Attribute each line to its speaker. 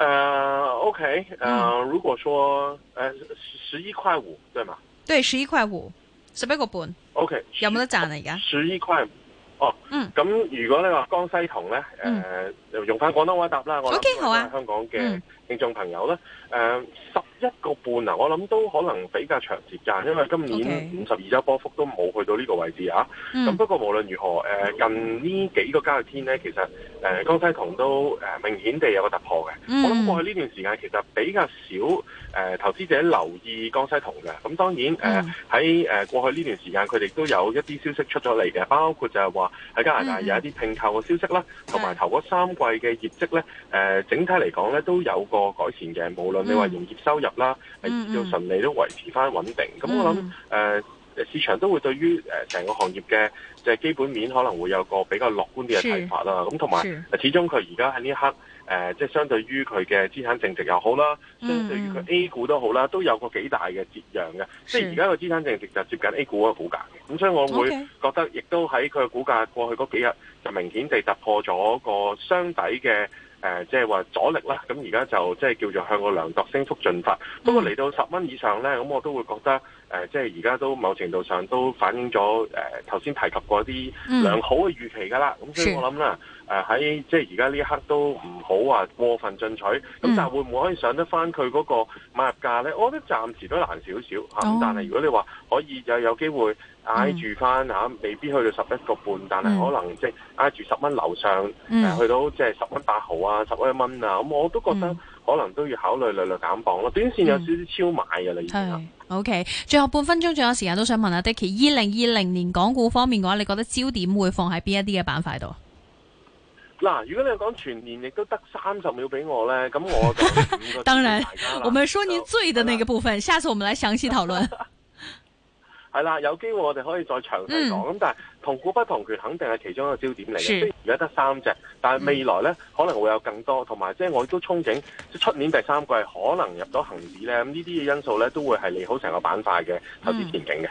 Speaker 1: 誒、呃、，OK，誒、呃，嗯、如果說誒、呃，十一塊五，對嘛，
Speaker 2: 對，十一塊五，十,五個 okay, 十一個半。OK，有冇得賺啊？而家，
Speaker 1: 十一塊五，哦，嗯。咁、嗯、如果你話江西銅咧，誒、呃嗯，用翻廣東話答啦，我，ok，好諗、啊、香港嘅。嗯聽眾朋友咧，誒十一個半啊，5, 我諗都可能比較長時間，因為今年五十二周波幅都冇去到呢個位置 Okay .、mm. 啊。咁不過無論如何，呃、近呢幾個交易天呢，其實誒、呃、江西銅都、呃、明顯地有個突破嘅。Mm. 我諗過去呢段時間其實比較少誒、呃、投資者留意江西銅嘅。咁當然誒喺誒過去呢段時間，佢哋都有一啲消息出咗嚟嘅，包括就係話喺加拿大有一啲併購嘅消息啦，同埋、mm. 頭嗰三季嘅業績咧、呃，整體嚟講咧都有個。個改善嘅，無論你話營業收入啦，係要順利都維持翻穩定。咁、嗯、我諗，誒、嗯呃，市場都會對於誒成個行業嘅，即、就、係、是、基本面可能會有個比較樂觀啲嘅睇法啦。咁同埋，是始終佢而家喺呢一刻，誒、呃，即、就、係、是、相對於佢嘅資產淨值又好啦，相對於佢 A 股都好啦，都有個幾大嘅折讓嘅。即係而家個資產淨值就接近 A 股個股價。咁所以我會覺得，亦都喺佢嘅股價過去嗰幾日，就明顯地突破咗個雙底嘅。誒，即係話阻力啦，咁而家就即係叫做向個量度升幅進發。嗯、不過嚟到十蚊以上咧，咁我都會覺得即係而家都某程度上都反映咗誒頭先提及過啲良好嘅預期㗎啦。咁、嗯、所以我諗啦，誒喺即係而家呢一刻都，冇話過分進取，咁但係會唔會可以上得翻佢嗰個買入價呢？我覺得暫時都難少少嚇。Oh. 但係如果你話可以又有機會挨住翻嚇，mm. 未必去到十一個半，但係可能即係挨住十蚊樓上，但誒、mm. 去到即係十蚊八毫啊，十一蚊啊，咁我都覺得可能都要考慮略略、mm. 減磅咯。短線有少少超買嘅啦，已
Speaker 2: 經、mm. OK，最後半分鐘仲有時間，都想問下 Dicky 二零二零年港股方面嘅話，你覺得焦點會放喺邊一啲嘅板塊度？
Speaker 1: 嗱，如果你講全年亦都得三十秒俾我呢，咁我就 當然，了我們
Speaker 2: 說你醉的那個部分， 下次我們來詳細討論。
Speaker 1: 係啦， 有機會我哋可以再詳細講。咁、嗯、但係，同股不同權肯定係其中一個焦點嚟嘅。雖然而家得三隻，但係未來呢可能會有更多，同埋即係我亦都憧憬，出、嗯、年第三季可能入到恒指呢，咁呢啲嘅因素呢都會係利好成個板塊嘅投資前景嘅。